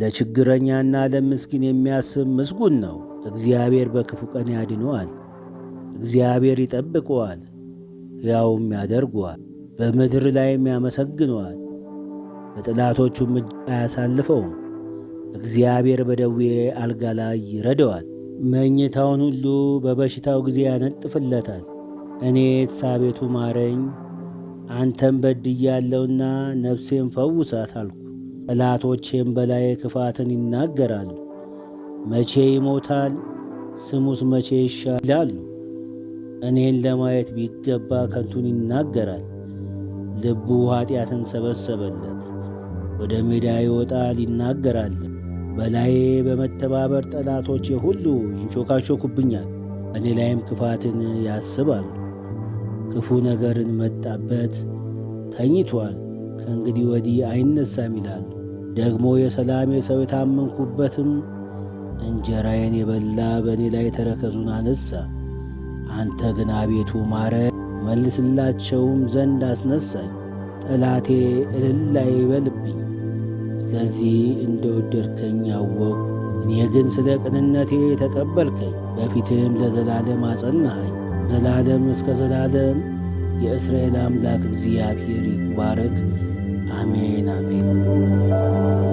ለችግረኛና ለምስኪን የሚያስብ ምስጉን ነው። እግዚአብሔር በክፉ ቀን ያድነዋል። እግዚአብሔር ይጠብቀዋል፣ ሕያውም ያደርገዋል፣ በምድር ላይም ያመሰግነዋል። በጠላቶቹም እጅ አያሳልፈውም። እግዚአብሔር በደዌ አልጋ ላይ ይረደዋል፣ መኝታውን ሁሉ በበሽታው ጊዜ ያነጥፍለታል። እኔ አቤቱ ማረኝ፣ አንተም በድያለውና ነፍሴን ፈውሳት አልኩ። ጠላቶቼም በላዬ ክፋትን ይናገራሉ። መቼ ይሞታል ስሙስ መቼ ይሻላሉ? ይላሉ። እኔን ለማየት ቢገባ ከንቱን ይናገራል። ልቡ ኃጢአትን ሰበሰበለት፣ ወደ ሜዳ ይወጣል ይናገራል። በላዬ በመተባበር ጠላቶቼ ሁሉ ይንሾካሾኩብኛል፣ እኔ ላይም ክፋትን ያስባሉ። ክፉ ነገርን መጣበት፣ ተኝቷል፣ ከእንግዲህ ወዲህ አይነሳም ይላሉ። ደግሞ የሰላሜ ሰው የታመንኩበትም እንጀራዬን የበላ በእኔ ላይ ተረከዙን አነሳ። አንተ ግን አቤቱ ማረ መልስላቸውም ዘንድ አስነሳኝ። ጠላቴ እልል አይበልብኝ። ስለዚህ እንደወደድከኝ አወቅ። እኔ ግን ስለ ቅንነቴ ተቀበልከኝ፣ በፊትህም ለዘላለም አጸናኸኝ። ዘላለም እስከ ዘላለም የእስራኤል አምላክ እግዚአብሔር ይባረክ። Amém, amém.